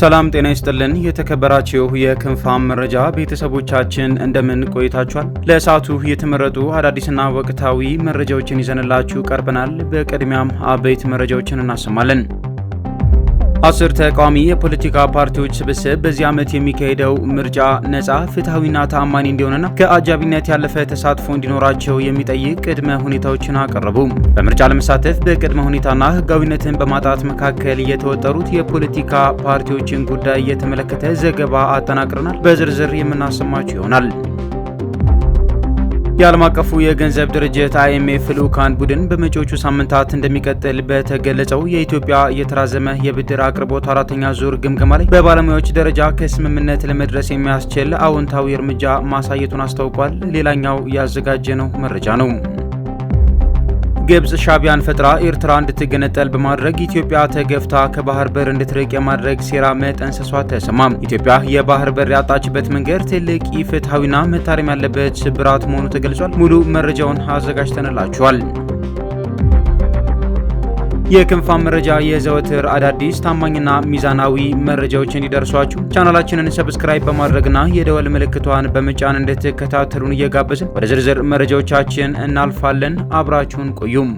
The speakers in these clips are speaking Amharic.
ሰላም ጤና ይስጥልን። የተከበራችሁ የክንፋም መረጃ ቤተሰቦቻችን እንደምን ቆይታችኋል? ለእሳቱ የተመረጡ አዳዲስና ወቅታዊ መረጃዎችን ይዘንላችሁ ቀርበናል። በቅድሚያም አበይት መረጃዎችን እናሰማለን። አስር ተቃዋሚ የፖለቲካ ፓርቲዎች ስብስብ በዚህ ዓመት የሚካሄደው ምርጫ ነጻ ፍትሐዊና ተአማኒ እንዲሆንና ከአጃቢነት ያለፈ ተሳትፎ እንዲኖራቸው የሚጠይቅ ቅድመ ሁኔታዎችን አቀረቡ። በምርጫ ለመሳተፍ በቅድመ ሁኔታና ህጋዊነትን በማጣት መካከል የተወጠሩት የፖለቲካ ፓርቲዎችን ጉዳይ እየተመለከተ ዘገባ አጠናቅረናል። በዝርዝር የምናሰማችሁ ይሆናል። የዓለም አቀፉ የገንዘብ ድርጅት አይኤምኤፍ ልዑካን ቡድን በመጪዎቹ ሳምንታት እንደሚቀጥል በተገለጸው የኢትዮጵያ የተራዘመ የብድር አቅርቦት አራተኛ ዙር ግምገማ ላይ በባለሙያዎች ደረጃ ከስምምነት ለመድረስ የሚያስችል አዎንታዊ እርምጃ ማሳየቱን አስታውቋል። ሌላኛው ያዘጋጀ ነው መረጃ ነው። ግብጽ ሻቢያን ፈጥራ ኤርትራ እንድትገነጠል በማድረግ ኢትዮጵያ ተገፍታ ከባህር በር እንድትርቅ የማድረግ ሴራ መጠንሰሷ ተሰማም። ኢትዮጵያ የባህር በር ያጣችበት መንገድ ትልቅ ኢፍትሐዊና መታረም ያለበት ስብራት መሆኑ ተገልጿል። ሙሉ መረጃውን አዘጋጅተንላችኋል። የክንፋ መረጃ የዘወትር አዳዲስ ታማኝና ሚዛናዊ መረጃዎች እንዲደርሷችሁ ቻናላችንን ሰብስክራይብ በማድረግና የደወል ምልክቷን በመጫን እንድትከታተሉን እየጋበዝን ወደ ዝርዝር መረጃዎቻችን እናልፋለን። አብራችሁን ቆዩም።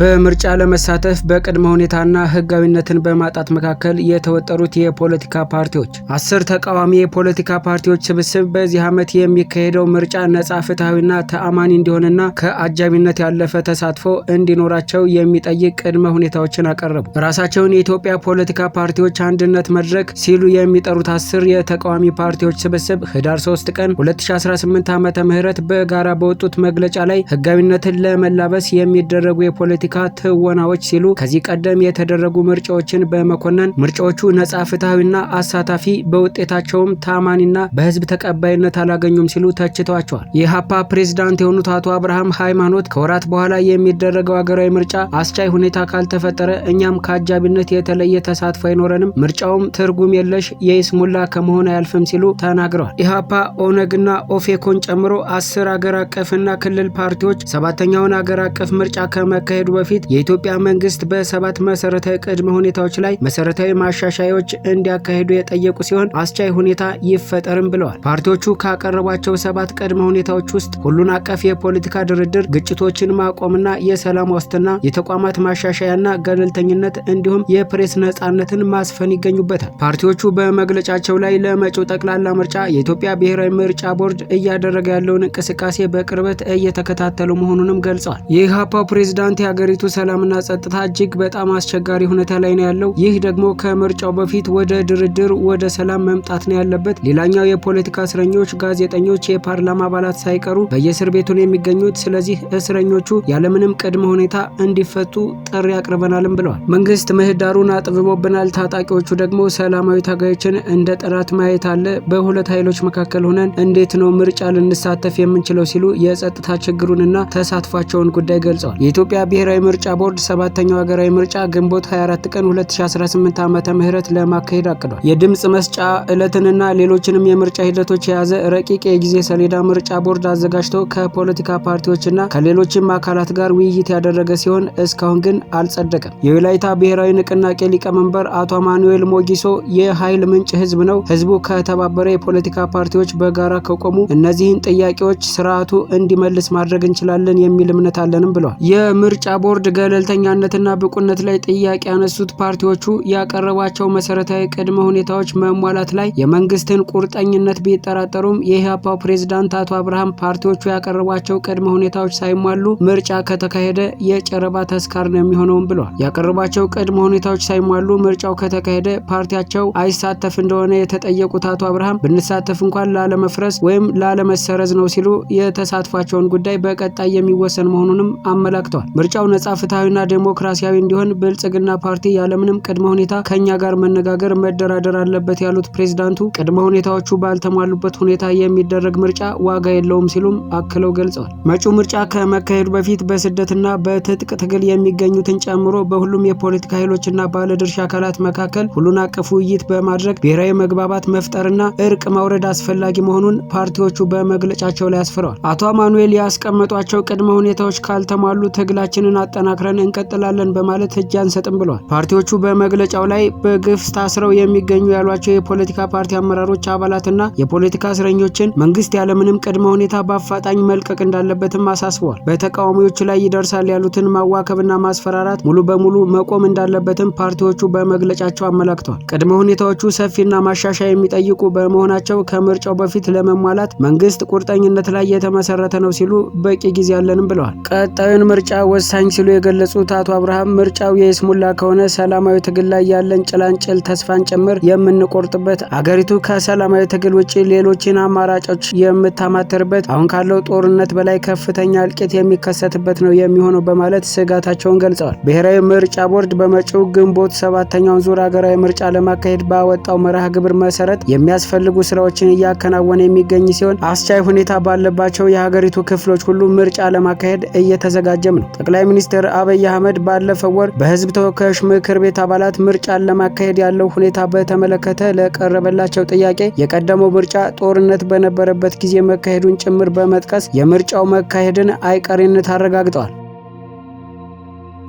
በምርጫ ለመሳተፍ በቅድመ ሁኔታና ህጋዊነትን በማጣት መካከል የተወጠሩት የፖለቲካ ፓርቲዎች አስር ተቃዋሚ የፖለቲካ ፓርቲዎች ስብስብ በዚህ ዓመት የሚካሄደው ምርጫ ነጻ፣ ፍትሐዊና ተአማኒ እንዲሆንና ከአጃቢነት ያለፈ ተሳትፎ እንዲኖራቸው የሚጠይቅ ቅድመ ሁኔታዎችን አቀረቡ። ራሳቸውን የኢትዮጵያ ፖለቲካ ፓርቲዎች አንድነት መድረክ ሲሉ የሚጠሩት አስር የተቃዋሚ ፓርቲዎች ስብስብ ህዳር 3 ቀን 2018 ዓ ም በጋራ በወጡት መግለጫ ላይ ህጋዊነትን ለመላበስ የሚደረጉ የፖለቲ የፖለቲካ ትወናዎች ሲሉ ከዚህ ቀደም የተደረጉ ምርጫዎችን በመኮነን ምርጫዎቹ ነጻ፣ ፍትሐዊና አሳታፊ በውጤታቸውም ታማኒና በህዝብ ተቀባይነት አላገኙም ሲሉ ተችተዋቸዋል። የሀፓ ፕሬዝዳንት የሆኑት አቶ አብርሃም ሃይማኖት ከወራት በኋላ የሚደረገው ሀገራዊ ምርጫ አስቻይ ሁኔታ ካልተፈጠረ እኛም ከአጃቢነት የተለየ ተሳትፎ አይኖረንም፣ ምርጫውም ትርጉም የለሽ የይስሙላ ከመሆን አያልፍም ሲሉ ተናግረዋል። ኢህአፓ ኦነግና ኦፌኮን ጨምሮ አስር አገር አቀፍና ክልል ፓርቲዎች ሰባተኛውን አገር አቀፍ ምርጫ ከመካሄዱ በፊት የኢትዮጵያ መንግስት በሰባት መሰረታዊ ቅድመ ሁኔታዎች ላይ መሰረታዊ ማሻሻያዎች እንዲያካሂዱ የጠየቁ ሲሆን አስቻይ ሁኔታ ይፈጠርም ብለዋል። ፓርቲዎቹ ካቀረቧቸው ሰባት ቅድመ ሁኔታዎች ውስጥ ሁሉን አቀፍ የፖለቲካ ድርድር፣ ግጭቶችን ማቆምና የሰላም ዋስትና፣ የተቋማት ማሻሻያና ገለልተኝነት እንዲሁም የፕሬስ ነጻነትን ማስፈን ይገኙበታል። ፓርቲዎቹ በመግለጫቸው ላይ ለመጪው ጠቅላላ ምርጫ የኢትዮጵያ ብሔራዊ ምርጫ ቦርድ እያደረገ ያለውን እንቅስቃሴ በቅርበት እየተከታተሉ መሆኑንም ገልጸዋል። የኢህአፓ ፕሬዝዳንት የአገር የሀገሪቱ ሰላምና ጸጥታ እጅግ በጣም አስቸጋሪ ሁኔታ ላይ ነው ያለው። ይህ ደግሞ ከምርጫው በፊት ወደ ድርድር ወደ ሰላም መምጣት ነው ያለበት። ሌላኛው የፖለቲካ እስረኞች፣ ጋዜጠኞች፣ የፓርላማ አባላት ሳይቀሩ በየእስር ቤቱ ነው የሚገኙት። ስለዚህ እስረኞቹ ያለምንም ቅድመ ሁኔታ እንዲፈቱ ጥሪ አቅርበናልም ብለዋል። መንግስት ምህዳሩን አጥብቦብናል፣ ታጣቂዎቹ ደግሞ ሰላማዊ ታጋዮችን እንደ ጠላት ማየት አለ። በሁለት ኃይሎች መካከል ሆነን እንዴት ነው ምርጫ ልንሳተፍ የምንችለው ሲሉ የጸጥታ ችግሩንና ተሳትፏቸውን ጉዳይ ገልጸዋል። የኢትዮጵያ ብሔራዊ ብሔራዊ ምርጫ ቦርድ ሰባተኛው ሀገራዊ ምርጫ ግንቦት 24 ቀን 2018 ዓ ምህረት ለማካሄድ አቅዷል። የድምፅ መስጫ ዕለትንና ሌሎችንም የምርጫ ሂደቶች የያዘ ረቂቅ የጊዜ ሰሌዳ ምርጫ ቦርድ አዘጋጅቶ ከፖለቲካ ፓርቲዎችና ከሌሎችም አካላት ጋር ውይይት ያደረገ ሲሆን እስካሁን ግን አልጸደቀም። የወላይታ ብሔራዊ ንቅናቄ ሊቀመንበር አቶ አማኑኤል ሞጊሶ የኃይል ምንጭ ህዝብ ነው፣ ህዝቡ ከተባበረ የፖለቲካ ፓርቲዎች በጋራ ከቆሙ እነዚህን ጥያቄዎች ስርዓቱ እንዲመልስ ማድረግ እንችላለን የሚል እምነት አለንም ብለዋል። የምርጫ ቦርድ ገለልተኛነትና ብቁነት ላይ ጥያቄ ያነሱት ፓርቲዎቹ ያቀረቧቸው መሰረታዊ ቅድመ ሁኔታዎች መሟላት ላይ የመንግስትን ቁርጠኝነት ቢጠራጠሩም የኢህአፓው ፕሬዝዳንት አቶ አብርሃም ፓርቲዎቹ ያቀረቧቸው ቅድመ ሁኔታዎች ሳይሟሉ ምርጫ ከተካሄደ የጨረባ ተስካር ነው የሚሆነውም ብለዋል። ያቀረቧቸው ቅድመ ሁኔታዎች ሳይሟሉ ምርጫው ከተካሄደ ፓርቲያቸው አይሳተፍ እንደሆነ የተጠየቁት አቶ አብርሃም ብንሳተፍ እንኳን ላለመፍረስ ወይም ላለመሰረዝ ነው ሲሉ የተሳትፏቸውን ጉዳይ በቀጣይ የሚወሰን መሆኑንም አመላክተዋል። ምርጫው ነጻ ፍትሐዊና ዴሞክራሲያዊ እንዲሆን ብልጽግና ፓርቲ ያለምንም ቅድመ ሁኔታ ከእኛ ጋር መነጋገር መደራደር አለበት ያሉት ፕሬዝዳንቱ ቅድመ ሁኔታዎቹ ባልተሟሉበት ሁኔታ የሚደረግ ምርጫ ዋጋ የለውም ሲሉም አክለው ገልጸዋል። መጪው ምርጫ ከመካሄዱ በፊት በስደትና በትጥቅ ትግል የሚገኙትን ጨምሮ በሁሉም የፖለቲካ ኃይሎችና ባለድርሻ አካላት መካከል ሁሉን አቀፍ ውይይት በማድረግ ብሔራዊ መግባባት መፍጠርና እርቅ ማውረድ አስፈላጊ መሆኑን ፓርቲዎቹ በመግለጫቸው ላይ አስፍረዋል። አቶ አማኑኤል ያስቀመጧቸው ቅድመ ሁኔታዎች ካልተሟሉ ትግላችንን ትግሉን አጠናክረን እንቀጥላለን በማለት እጅ አንሰጥም ብለዋል። ፓርቲዎቹ በመግለጫው ላይ በግፍ ታስረው የሚገኙ ያሏቸው የፖለቲካ ፓርቲ አመራሮች አባላትና የፖለቲካ እስረኞችን መንግስት ያለምንም ቅድመ ሁኔታ በአፋጣኝ መልቀቅ እንዳለበትም አሳስበዋል። በተቃዋሚዎች ላይ ይደርሳል ያሉትን ማዋከብና ማስፈራራት ሙሉ በሙሉ መቆም እንዳለበትም ፓርቲዎቹ በመግለጫቸው አመላክተዋል። ቅድመ ሁኔታዎቹ ሰፊና ማሻሻያ የሚጠይቁ በመሆናቸው ከምርጫው በፊት ለመሟላት መንግስት ቁርጠኝነት ላይ የተመሰረተ ነው ሲሉ በቂ ጊዜ አለንም ብለዋል። ቀጣዩን ምርጫ ወሳኝ አሳዛኝ ሲሉ የገለጹት አቶ አብርሃም ምርጫው የይስሙላ ከሆነ ሰላማዊ ትግል ላይ ያለን ጭላንጭል ተስፋን ጭምር የምንቆርጥበት፣ አገሪቱ ከሰላማዊ ትግል ውጭ ሌሎችን አማራጮች የምታማትርበት፣ አሁን ካለው ጦርነት በላይ ከፍተኛ እልቂት የሚከሰትበት ነው የሚሆነው በማለት ስጋታቸውን ገልጸዋል። ብሔራዊ ምርጫ ቦርድ በመጪው ግንቦት ሰባተኛውን ዙር ሀገራዊ ምርጫ ለማካሄድ ባወጣው መርሃ ግብር መሰረት የሚያስፈልጉ ስራዎችን እያከናወነ የሚገኝ ሲሆን አስቻይ ሁኔታ ባለባቸው የሀገሪቱ ክፍሎች ሁሉ ምርጫ ለማካሄድ እየተዘጋጀም ነው። ጠቅላይ ሚኒስትር አብይ አህመድ ባለፈው ወር በህዝብ ተወካዮች ምክር ቤት አባላት ምርጫን ለማካሄድ ያለው ሁኔታ በተመለከተ ለቀረበላቸው ጥያቄ የቀደመው ምርጫ ጦርነት በነበረበት ጊዜ መካሄዱን ጭምር በመጥቀስ የምርጫው መካሄድን አይቀሬነት አረጋግጠዋል።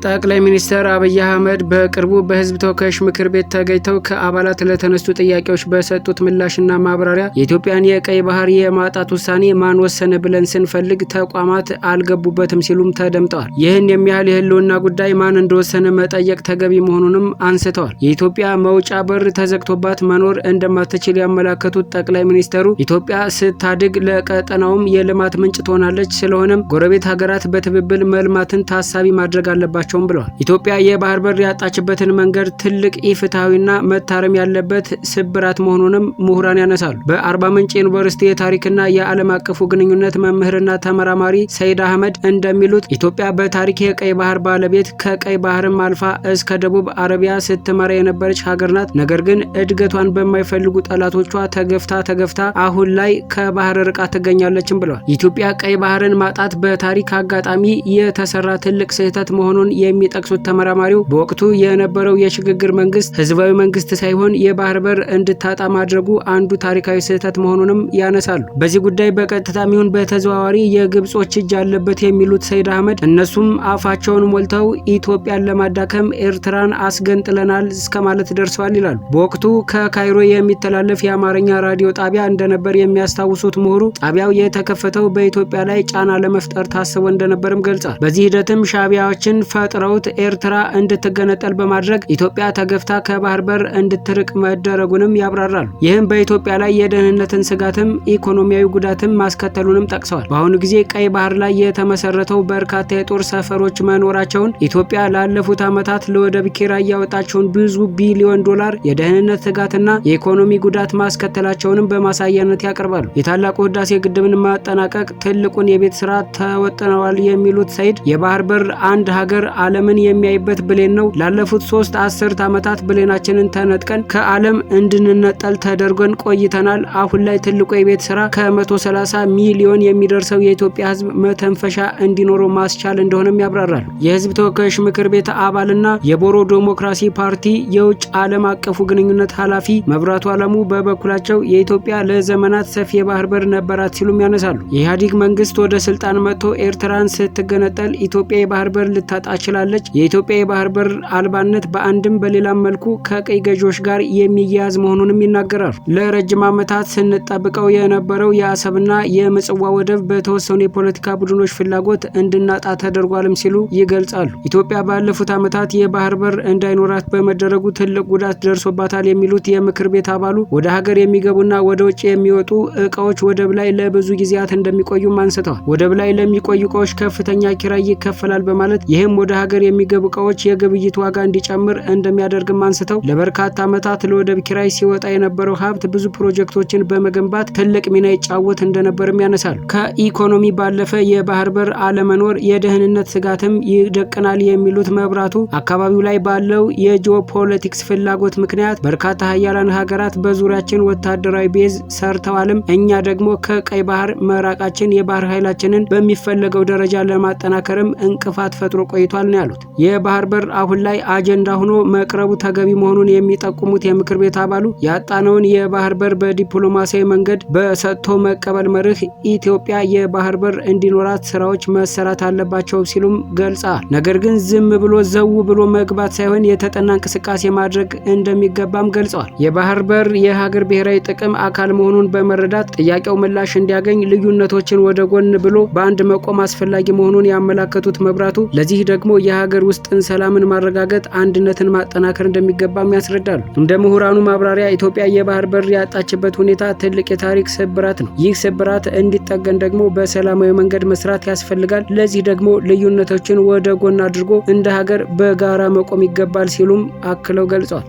ጠቅላይ ሚኒስትር አብይ አህመድ በቅርቡ በህዝብ ተወካዮች ምክር ቤት ተገኝተው ከአባላት ለተነሱ ጥያቄዎች በሰጡት ምላሽና ማብራሪያ የኢትዮጵያን የቀይ ባህር የማጣት ውሳኔ ማን ወሰነ ብለን ስንፈልግ ተቋማት አልገቡበትም ሲሉም ተደምጠዋል። ይህን የሚያህል የህልውና ጉዳይ ማን እንደወሰነ መጠየቅ ተገቢ መሆኑንም አንስተዋል። የኢትዮጵያ መውጫ በር ተዘግቶባት መኖር እንደማትችል ያመላከቱት ጠቅላይ ሚኒስትሩ ኢትዮጵያ ስታድግ ለቀጠናውም የልማት ምንጭ ትሆናለች። ስለሆነም ጎረቤት ሀገራት በትብብር መልማትን ታሳቢ ማድረግ አለባቸው የላቸውም ብለዋል። ኢትዮጵያ የባህር በር ያጣችበትን መንገድ ትልቅ ኢፍትሐዊና መታረም ያለበት ስብራት መሆኑንም ምሁራን ያነሳሉ። በአርባ ምንጭ ዩኒቨርሲቲ የታሪክና የዓለም አቀፉ ግንኙነት መምህርና ተመራማሪ ሰይድ አህመድ እንደሚሉት ኢትዮጵያ በታሪክ የቀይ ባህር ባለቤት ከቀይ ባህርም አልፋ እስከ ደቡብ አረቢያ ስትመራ የነበረች ሀገር ናት። ነገር ግን እድገቷን በማይፈልጉ ጠላቶቿ ተገፍታ ተገፍታ አሁን ላይ ከባህር ርቃ ትገኛለችም ብለዋል። ኢትዮጵያ ቀይ ባህርን ማጣት በታሪክ አጋጣሚ የተሰራ ትልቅ ስህተት መሆኑን የሚጠቅሱት ተመራማሪው በወቅቱ የነበረው የሽግግር መንግስት ህዝባዊ መንግስት ሳይሆን የባህር በር እንድታጣ ማድረጉ አንዱ ታሪካዊ ስህተት መሆኑንም ያነሳሉ። በዚህ ጉዳይ በቀጥታም ይሁን በተዘዋዋሪ የግብጾች እጅ አለበት የሚሉት ሰይድ አህመድ እነሱም አፋቸውን ሞልተው ኢትዮጵያን ለማዳከም ኤርትራን አስገንጥለናል እስከ ማለት ደርሰዋል ይላሉ። በወቅቱ ከካይሮ የሚተላለፍ የአማርኛ ራዲዮ ጣቢያ እንደነበር የሚያስታውሱት ምሁሩ ጣቢያው የተከፈተው በኢትዮጵያ ላይ ጫና ለመፍጠር ታስቦ እንደነበርም ገልጿል። በዚህ ሂደትም ሻቢያዎችን ፈጥረውት ኤርትራ እንድትገነጠል በማድረግ ኢትዮጵያ ተገፍታ ከባህር በር እንድትርቅ መደረጉንም ያብራራሉ። ይህም በኢትዮጵያ ላይ የደህንነትን ስጋትም ኢኮኖሚያዊ ጉዳትም ማስከተሉንም ጠቅሰዋል። በአሁኑ ጊዜ ቀይ ባህር ላይ የተመሰረተው በርካታ የጦር ሰፈሮች መኖራቸውን ኢትዮጵያ ላለፉት ዓመታት ለወደብ ኪራይ ያወጣቸውን ብዙ ቢሊዮን ዶላር የደህንነት ስጋትና የኢኮኖሚ ጉዳት ማስከተላቸውንም በማሳያነት ያቀርባሉ። የታላቁ ህዳሴ ግድብን ማጠናቀቅ ትልቁን የቤት ስራ ተወጥነዋል የሚሉት ሰይድ የባህር በር አንድ ሀገር ዓለምን የሚያይበት ብሌን ነው። ላለፉት ሶስት አስርት ዓመታት ብሌናችንን ተነጥቀን ከዓለም እንድንነጠል ተደርገን ቆይተናል። አሁን ላይ ትልቁ የቤት ስራ ከ130 ሚሊዮን የሚደርሰው የኢትዮጵያ ሕዝብ መተንፈሻ እንዲኖረው ማስቻል እንደሆነም ያብራራል። የህዝብ ተወካዮች ምክር ቤት አባልና የቦሮ ዴሞክራሲ ፓርቲ የውጭ ዓለም አቀፉ ግንኙነት ኃላፊ መብራቱ አለሙ በበኩላቸው የኢትዮጵያ ለዘመናት ሰፊ የባህር በር ነበራት ሲሉም ያነሳሉ። የኢህአዴግ መንግስት ወደ ስልጣን መጥቶ ኤርትራን ስትገነጠል ኢትዮጵያ የባህር በር ልታጣች ትችላለች። የኢትዮጵያ የባህር በር አልባነት በአንድም በሌላም መልኩ ከቅኝ ገዢዎች ጋር የሚያያዝ መሆኑንም ይናገራል። ለረጅም ዓመታት ስንጠብቀው የነበረው የአሰብና የምጽዋ ወደብ በተወሰኑ የፖለቲካ ቡድኖች ፍላጎት እንድናጣ ተደርጓልም ሲሉ ይገልጻሉ። ኢትዮጵያ ባለፉት ዓመታት የባህር በር እንዳይኖራት በመደረጉ ትልቅ ጉዳት ደርሶባታል የሚሉት የምክር ቤት አባሉ ወደ ሀገር የሚገቡና ወደ ውጭ የሚወጡ እቃዎች ወደብ ላይ ለብዙ ጊዜያት እንደሚቆዩም አንስተዋል። ወደብ ላይ ለሚቆዩ እቃዎች ከፍተኛ ኪራይ ይከፈላል በማለት ይህም ወደ ሀገር የሚገቡ እቃዎች የግብይት ዋጋ እንዲጨምር እንደሚያደርግም አንስተው ለበርካታ ዓመታት ለወደብ ኪራይ ሲወጣ የነበረው ሀብት ብዙ ፕሮጀክቶችን በመገንባት ትልቅ ሚና ይጫወት እንደነበርም ያነሳሉ። ከኢኮኖሚ ባለፈ የባህር በር አለመኖር የደህንነት ስጋትም ይደቅናል የሚሉት መብራቱ አካባቢው ላይ ባለው የጂኦፖለቲክስ ፍላጎት ምክንያት በርካታ ሀያላን ሀገራት በዙሪያችን ወታደራዊ ቤዝ ሰርተዋልም፣ እኛ ደግሞ ከቀይ ባህር መራቃችን የባህር ኃይላችንን በሚፈለገው ደረጃ ለማጠናከርም እንቅፋት ፈጥሮ ቆይቷል ተጠቅሷል ነው ያሉት። የባህር በር አሁን ላይ አጀንዳ ሆኖ መቅረቡ ተገቢ መሆኑን የሚጠቁሙት የምክር ቤት አባሉ ያጣነውን የባህር በር በዲፕሎማሲያዊ መንገድ በሰጥቶ መቀበል መርህ ኢትዮጵያ የባህር በር እንዲኖራት ስራዎች መሰራት አለባቸው ሲሉም ገልጸዋል። ነገር ግን ዝም ብሎ ዘው ብሎ መግባት ሳይሆን የተጠና እንቅስቃሴ ማድረግ እንደሚገባም ገልጸዋል። የባህር በር የሀገር ብሔራዊ ጥቅም አካል መሆኑን በመረዳት ጥያቄው ምላሽ እንዲያገኝ ልዩነቶችን ወደ ጎን ብሎ በአንድ መቆም አስፈላጊ መሆኑን ያመላከቱት መብራቱ ለዚህ ደግሞ የሀገር ውስጥን ሰላምን ማረጋገጥ፣ አንድነትን ማጠናከር እንደሚገባም ያስረዳሉ። እንደ ምሁራኑ ማብራሪያ ኢትዮጵያ የባህር በር ያጣችበት ሁኔታ ትልቅ የታሪክ ስብራት ነው። ይህ ስብራት እንዲጠገን ደግሞ በሰላማዊ መንገድ መስራት ያስፈልጋል። ለዚህ ደግሞ ልዩነቶችን ወደ ጎን አድርጎ እንደ ሀገር በጋራ መቆም ይገባል ሲሉም አክለው ገልጿል።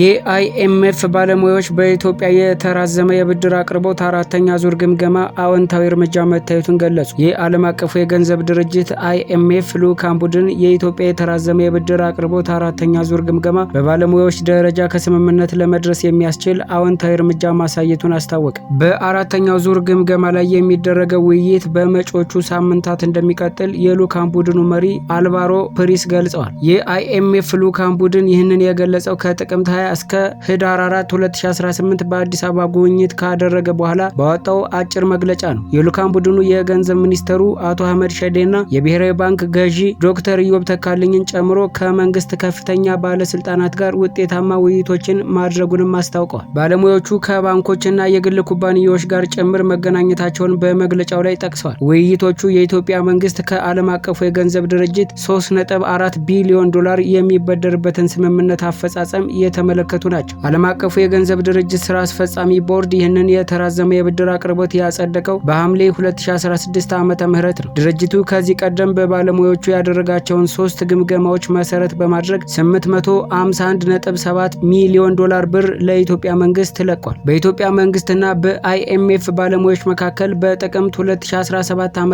የአይኤምኤፍ ባለሙያዎች በኢትዮጵያ የተራዘመ የብድር አቅርቦት አራተኛ ዙር ግምገማ አዎንታዊ እርምጃ መታየቱን ገለጹ። የዓለም አቀፉ የገንዘብ ድርጅት አይኤምኤፍ ልዑካን ቡድን የኢትዮጵያ የተራዘመ የብድር አቅርቦት አራተኛ ዙር ግምገማ በባለሙያዎች ደረጃ ከስምምነት ለመድረስ የሚያስችል አዎንታዊ እርምጃ ማሳየቱን አስታወቀ። በአራተኛው ዙር ግምገማ ላይ የሚደረገው ውይይት በመጪዎቹ ሳምንታት እንደሚቀጥል የልዑካን ቡድኑ መሪ አልቫሮ ፕሪስ ገልጸዋል። የአይኤምኤፍ ልዑካን ቡድን ይህንን የገለጸው ከጥቅምት 20 እስከ ህዳር 4 2018 በአዲስ አበባ ጉብኝት ካደረገ በኋላ ባወጣው አጭር መግለጫ ነው። የልዑካን ቡድኑ የገንዘብ ሚኒስተሩ አቶ አህመድ ሸዴና የብሔራዊ ባንክ ገዢ ዶክተር ኢዮብ ተካልኝን ጨምሮ ከመንግስት ከፍተኛ ባለስልጣናት ጋር ውጤታማ ውይይቶችን ማድረጉንም አስታውቀዋል። ባለሙያዎቹ ከባንኮችና የግል ኩባንያዎች ጋር ጭምር መገናኘታቸውን በመግለጫው ላይ ጠቅሰዋል። ውይይቶቹ የኢትዮጵያ መንግስት ከዓለም አቀፉ የገንዘብ ድርጅት 3.4 ቢሊዮን ዶላር የሚበደርበትን ስምምነት አፈጻጸም የተ የተመለከቱ ናቸው። ዓለም አቀፉ የገንዘብ ድርጅት ስራ አስፈጻሚ ቦርድ ይህንን የተራዘመ የብድር አቅርቦት ያጸደቀው በሐምሌ 2016 ዓ ም ነው። ድርጅቱ ከዚህ ቀደም በባለሙያዎቹ ያደረጋቸውን ሶስት ግምገማዎች መሰረት በማድረግ 851.7 ሚሊዮን ዶላር ብር ለኢትዮጵያ መንግስት ለቋል። በኢትዮጵያ መንግስትና በአይኤምኤፍ ባለሙያዎች መካከል በጥቅምት 2017 ዓ ም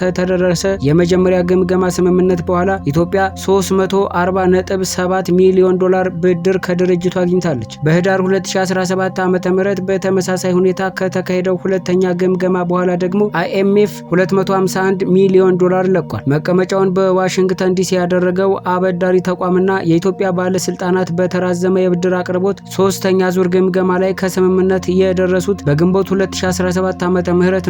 ከተደረሰ የመጀመሪያ ግምገማ ስምምነት በኋላ ኢትዮጵያ 340.7 ሚሊዮን ዶላር ብድር ከድ ድርጅቱ አግኝታለች። በህዳር 2017 ዓ ም በተመሳሳይ ሁኔታ ከተካሄደው ሁለተኛ ግምገማ በኋላ ደግሞ አይኤምኤፍ 251 ሚሊዮን ዶላር ለቋል። መቀመጫውን በዋሽንግተን ዲሲ ያደረገው አበዳሪ ተቋምና የኢትዮጵያ ባለስልጣናት በተራዘመ የብድር አቅርቦት ሶስተኛ ዙር ግምገማ ላይ ከስምምነት የደረሱት በግንቦት 2017 ዓ ም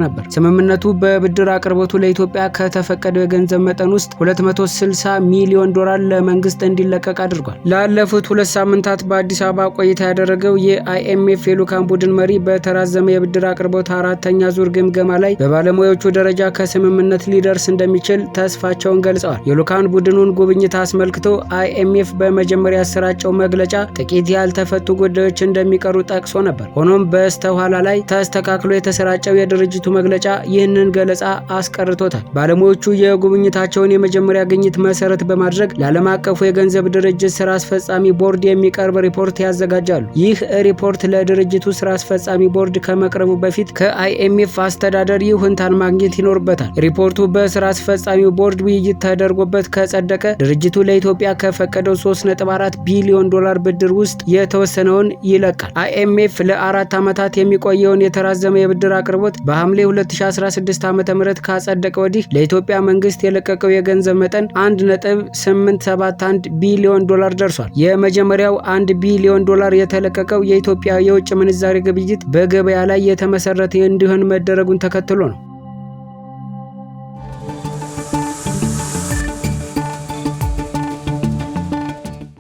ነበር። ስምምነቱ በብድር አቅርቦቱ ለኢትዮጵያ ከተፈቀደው የገንዘብ መጠን ውስጥ 260 ሚሊዮን ዶላር ለመንግስት እንዲለቀቅ አድርጓል። ላለፉት ሁለት ሳምንታት በአዲስ አበባ ቆይታ ያደረገው የአይኤምኤፍ የልዑካን ቡድን መሪ በተራዘመ የብድር አቅርቦት አራተኛ ዙር ግምገማ ላይ በባለሙያዎቹ ደረጃ ከስምምነት ሊደርስ እንደሚችል ተስፋቸውን ገልጸዋል። የልዑካን ቡድኑን ጉብኝት አስመልክቶ አይኤምኤፍ በመጀመሪያ ያሰራጨው መግለጫ ጥቂት ያልተፈቱ ጉዳዮች እንደሚቀሩ ጠቅሶ ነበር። ሆኖም በስተኋላ ላይ ተስተካክሎ የተሰራጨው የድርጅቱ መግለጫ ይህንን ገለጻ አስቀርቶታል። ባለሙያዎቹ የጉብኝታቸውን የመጀመሪያ ግኝት መሰረት በማድረግ ለዓለም አቀፉ የገንዘብ ድርጅት ስራ አስፈጻሚ ቦርድ የሚቀርብ ሪፖርት ያዘጋጃሉ። ይህ ሪፖርት ለድርጅቱ ስራ አስፈጻሚ ቦርድ ከመቅረቡ በፊት ከአይኤምኤፍ አስተዳደር ይሁንታን ማግኘት ይኖርበታል። ሪፖርቱ በስራ አስፈጻሚ ቦርድ ውይይት ተደርጎበት ከጸደቀ ድርጅቱ ለኢትዮጵያ ከፈቀደው 3.4 ቢሊዮን ዶላር ብድር ውስጥ የተወሰነውን ይለቃል። አይኤምኤፍ ለአራት ዓመታት የሚቆየውን የተራዘመ የብድር አቅርቦት በሐምሌ 2016 ዓ ም ካጸደቀ ወዲህ ለኢትዮጵያ መንግስት የለቀቀው የገንዘብ መጠን 1.871 ቢሊዮን ዶላር ደርሷል። የመጀመሪያው አንድ 1 ቢሊዮን ዶላር የተለቀቀው የኢትዮጵያ የውጭ ምንዛሬ ግብይት በገበያ ላይ የተመሰረተ እንዲሆን መደረጉን ተከትሎ ነው።